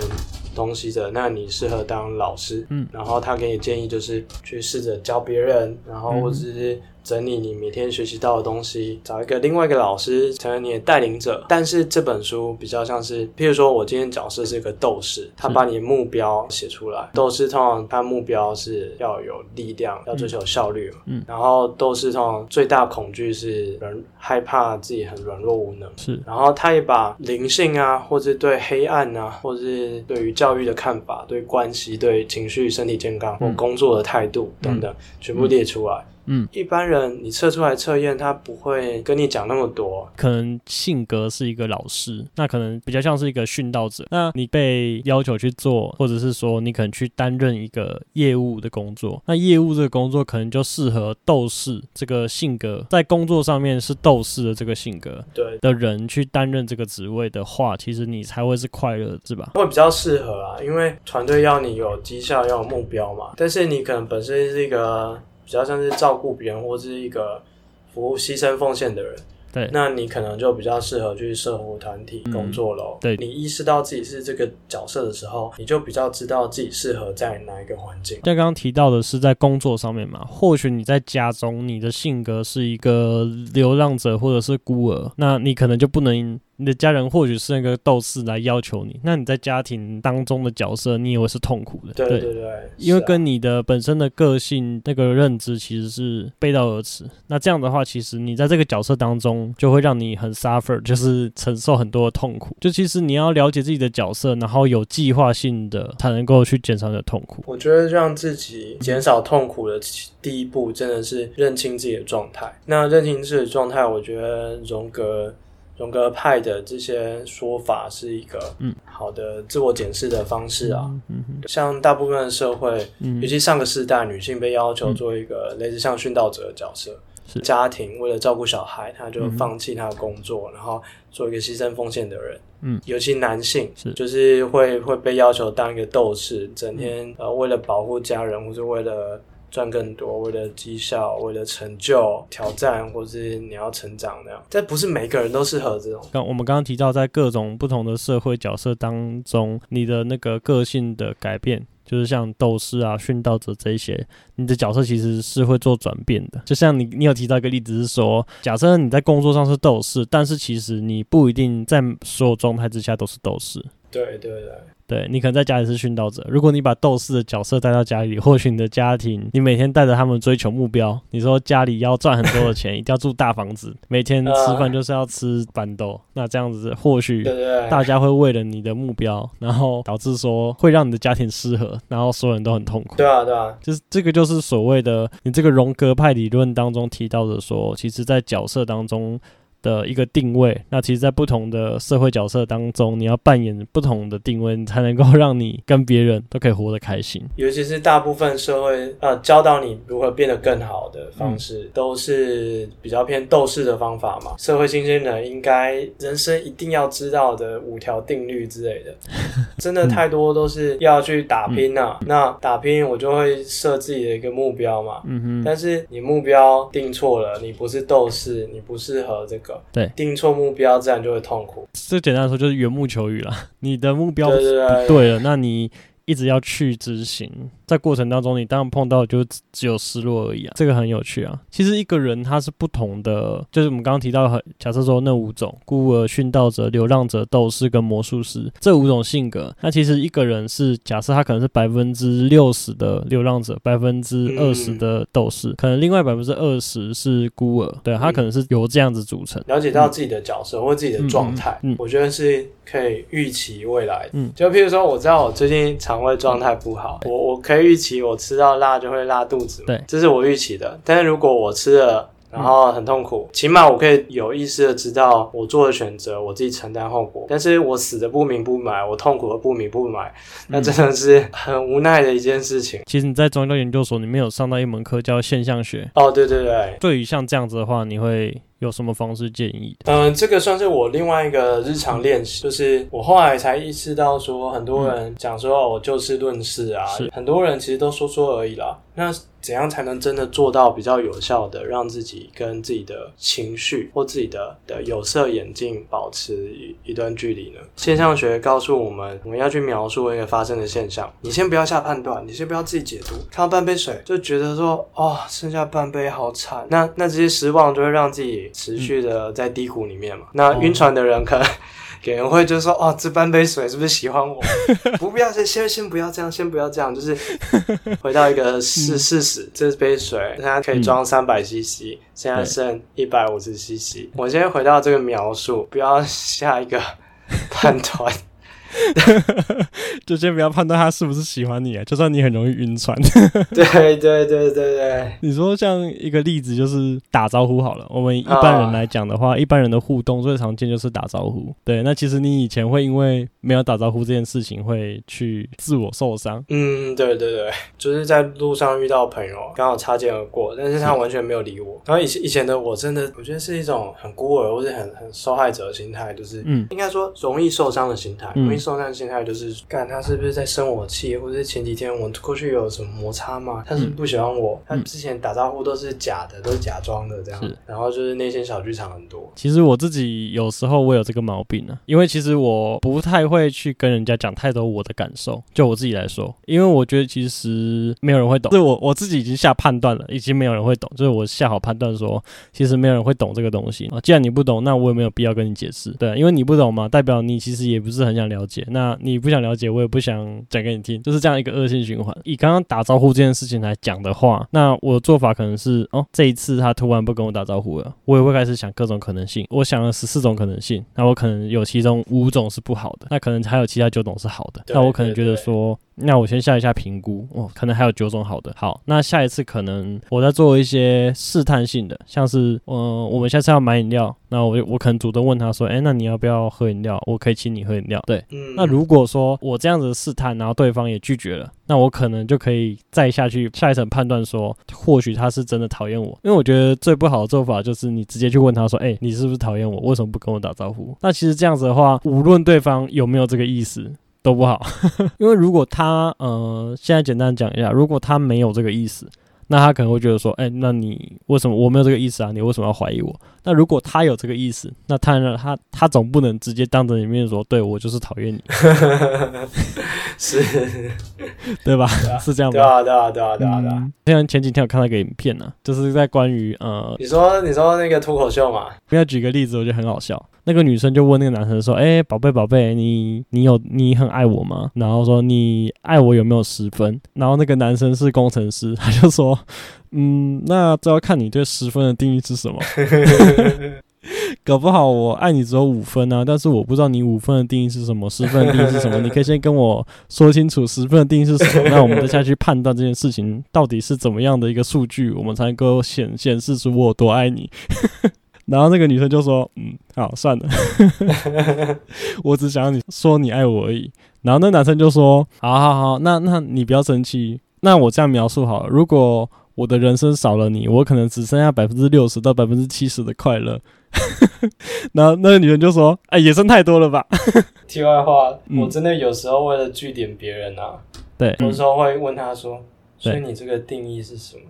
東西的，那你適合當老師。嗯，然後他給你建議就是去試着教別人，然後或者是。整理你每天學習到的東西，找一個另外一個老師成為你的帶領者。但是這本書比較像是，譬如說我今天的角色是一個鬥士，他把你的目標寫出來。鬥士通常他目標是要有力量，要追求效率嘛。嗯。然後鬥士通常最大恐懼是人，害怕自己很軟弱無能。是。然後他也把靈性啊，或者對黑暗啊，或者是對於教育的看法、對關係、對情緒、身體健康或工作的態度等等，嗯，全部列出來。嗯，一般人你測出來測驗，他不會跟你講那麼多。可能性格是一個老師，那可能比較像是一個訓導者。那你被要求去做，或者是說你可能去擔任一個業務的工作，那業務這個工作可能就適合鬥士這個性格，在工作上面是鬥士的這個性格對的人去擔任這個職位的話，其實你才會是快樂的，是吧？會比較適合啊，因為團隊要你有績效，要有目標嘛。但是你可能本身是一個。比較像是照顧別人或者是一個服務、犧牲、奉獻的人，對，那你可能就比較適合去社會團體工作咯。嗯，對，你意識到自己是這個角色的時候，你就比較知道自己適合在哪一個環境。像剛剛提到的是在工作上面嘛，或許你在家中，你的性格是一個流浪者或者是孤兒，那你可能就不能。你的家人或許是那個鬥士來要求你，那你在家庭當中的角色，你以為是痛苦的，對對對，對，對，因為跟你的本身的個性、啊、那個認知其實是背道而馳。那這樣的話，其實你在這個角色當中就會讓你很 suffer，就是承受很多的痛苦。嗯、就其實你要了解自己的角色，然後有計劃性的才能夠去減少你的痛苦。我覺得讓自己減少痛苦的第一步，真的是認清自己的狀態。那認清自己的狀態，我覺得榮格。榮格派的這些說法是一個嗯好的自我檢視的方式啊，嗯，像大部分的社會，嗯，尤其上個世代女性被要求做一個類似像殉道者的角色，家庭為了照顧小孩，他就放棄他的工作，然後做一個犧牲奉獻的人，嗯，尤其男性就是會會被要求當一個鬥士，整天呃為了保護家人或者為了。賺更多，為了績效，為了成就、挑戰，或是你要成長那樣。但不是每個人都適合這種。剛我們剛剛提到，在各種不同的社會角色當中，你的那個個性的改變，就是像鬥士啊、殉道者這一些，你的角色其實是會做轉變的。就像你，你有提到一個例子是說，假設你在工作上是鬥士，但是其實你不一定在所有狀態之下都是鬥士。對對，對對對，對，你可能在家裡是殉道者。如果你把鬥士的角色帶到家裡，或許你的家庭，你每天帶着他們追求目標。你說家裡要賺很多的錢， 一定要住大房子，每天吃飯就是要吃板豆。 那這樣子，或許大家會為了你的目標，然後導致說會讓你的家庭失和，然後所有人都很痛苦。對啊，對啊，就，就是這個就是所謂的你這個榮格派理論當中提到的說，說其實，在角色當中。的一個定位，那其實，在不同的社會角色當中，你要扮演不同的定位，你才能夠讓你跟別人都可以活得開心。尤其是大部分社會，呃，教導你如何變得更好的方式，嗯、都是比較偏鬥士的方法嘛。社會新鮮人應該人生一定要知道的五條定律之類的， 真的太多都是要去打拼啊。嗯、那打拼，我就會設自己的一個目標嘛。嗯哼、但是你目標定錯了，你不是鬥士，你不適合這個。對，定錯目標，這樣就會痛苦。最簡單說，就是緣木求魚了。你的目標不對了，對對對對，那你一直要去執行。在過程當中，你當然碰到就只有失落而已啊，這個很有趣啊。其實一個人他是不同的，就是我們剛剛提到，假設說那五種孤兒、殉道者、流浪者、鬥士跟魔術師這五種性格，那其實一個人是假設他可能是百分之六十的流浪者，百分之二十的鬥士、嗯，可能另外百分之二十是孤兒，對他可能是由這樣子組成。了解到自己的角色、嗯、或自己的狀態、嗯，我覺得是可以預期未來的。嗯，就譬如說，我知道我最近腸胃狀態不好，嗯、我我可以。預期我吃到辣就會拉肚子，對，這是我預期的。但是如果我吃了，然後很痛苦，起碼我可以有意識的知道我做的選擇，我自己承擔後果。但是我死的不明不白，我痛苦而不明不白，那真的是很無奈的一件事情。嗯、其實你在宗教研究所，你沒有上到一門課叫現象學。哦，對對對。對於像這樣子的話，你會有什麼方式建議？嗯，這個算是我另外一個日常練習，就是我後來才意識到，說很多人講說我就事論事啊、嗯，很多人其實都說說而已啦。那怎樣才能真的做到比較有效的讓自己跟自己的情緒或自己的的有色眼鏡保持一一段距離呢？現象學告訴我們，我們要去描述一個發生的現象。你先不要下判斷，你先不要自己解讀。看到半杯水就覺得說，哦，剩下半杯好慘。那那這些失望就會讓自己持續的在低谷裡面嘛。嗯、那暈船的人可能、嗯給人會就說哦，這半杯水是不是喜歡我？ 不必要，先先先不要這樣，先不要這樣，就是回到一個事事實，這杯水現在可以裝三百 CC，現在剩一百五十 CC。我先回到這個描述，不要下一個判斷。 就先不要判斷他是不是喜歡你啊，就算你很容易暈船。 對對對對對，對，你說像一個例子，就是打招呼好了。我們一般人來講的話，一般人的互動最常見就是打招呼。對，那其實你以前會因為沒有打招呼這件事情，會去自我受傷。嗯，對對對，就是在路上遇到朋友，剛好擦肩而過，但是他完全沒有理我。然後以前以前的我，真的我覺得是一種很孤兒或者很很受害者的心態，就是嗯，應該說容易受傷的心態、嗯，容易。受傷心態就是看他是不是在生我氣，或者前幾天我過去有什麼摩擦嗎？他是不，是不喜歡我，他之前打招呼都是假的，都是假裝的這樣。然後就是內心小劇場很多。其實我自己有時候我有這個毛病啊，因為其實我不太會去跟人家講太多我的感受。就我自己來說，因為我覺得其實沒有人會懂。對，我我自己已經下判斷了，已經沒有人會懂。就是我下好判斷說，其實沒有人會懂這個東西啊。既然你不懂，那我也沒有必要跟你解釋。對，因為你不懂嘛，代表你其實也不是很想了解。那你不想了解，我也不想講給你聽，就是這樣一個惡性循環。以剛剛打招呼這件事情來講的話，那我的做法可能是哦，這一次他突然不跟我打招呼了，我也會開始想各種可能性。我想了十四種可能性，那我可能有其中五種是不好的，那可能還有其他九種是好的。那我可能覺得說。那我先下一下評估哦，可能還有九種好的。好，那下一次可能我再做一些試探性的，像是，嗯、呃，我們下次要買飲料，那我我可能主動問他說，哎、欸，那你要不要喝飲料？我可以請你喝飲料。對、嗯，那如果說我這樣子試探，然後對方也拒絕了，那我可能就可以再下去下一層判斷說，或許他是真的討厭我。因為我覺得最不好的做法就是你直接去問他說，哎、欸，你是不是討厭我？為什麼不跟我打招呼？那其實這樣子的話，無論對方有沒有這個意思，都不好， 因為如果他呃，現在簡單講一下，如果他沒有這個意思，那他可能會覺得說，哎、欸，那你為什麼我沒有這個意思啊？你為什麼要懷疑我？那如果他有這個意思，那他他他總不能直接當着你面說，對我就是討厭你， 是，對吧？對啊，是這樣嗎？對啊，對啊，對啊，對啊，對啊。嗯、像前幾天我看到一個影片呢、啊，就是在關於呃，你說你說那個脫口秀嘛，不要舉個例子，我覺得很好笑。那個女生就問那個男生說：“誒寶貝寶貝，你你有你很愛我嗎？”然後說：“你愛我有沒有十分？”然後那個男生是工程師，他就說。嗯，那這要看你對十分的定義是什麼。 搞不好我愛你只有五分呢、啊，但是我不知道你五分的定義是什麼，十分的定義是什麼。你可以先跟我說清楚十分的定義是什麼， 那我們再下去判斷這件事情到底是怎麼樣的一個數據，我們才能夠顯顯示出我有多愛你。 然後那個女生就說：“嗯，好，算了， 我只想要你說你愛我而已。”然後那個男生就說：“好好好，那那你不要生氣，那我這樣描述好了，如果……”我的人生少了你，我可能只剩下百分之六十到百分之七十的快樂。 然後那個女人就說：“唉、欸，野生太多了吧？” 題外話、嗯，我真的有時候為了句點別人啊，對，有時候會問他說：“所以你這個定義是什麼？”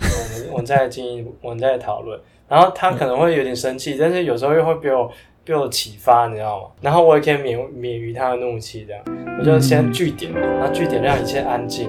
我們我們再來進，我們再來討論。來 然後他可能會有點生氣，但是有時候又會被我被我啟發，你知道嗎？然後我也可以免免於他的怒氣，這樣我就先句點，然後句點讓一切安靜。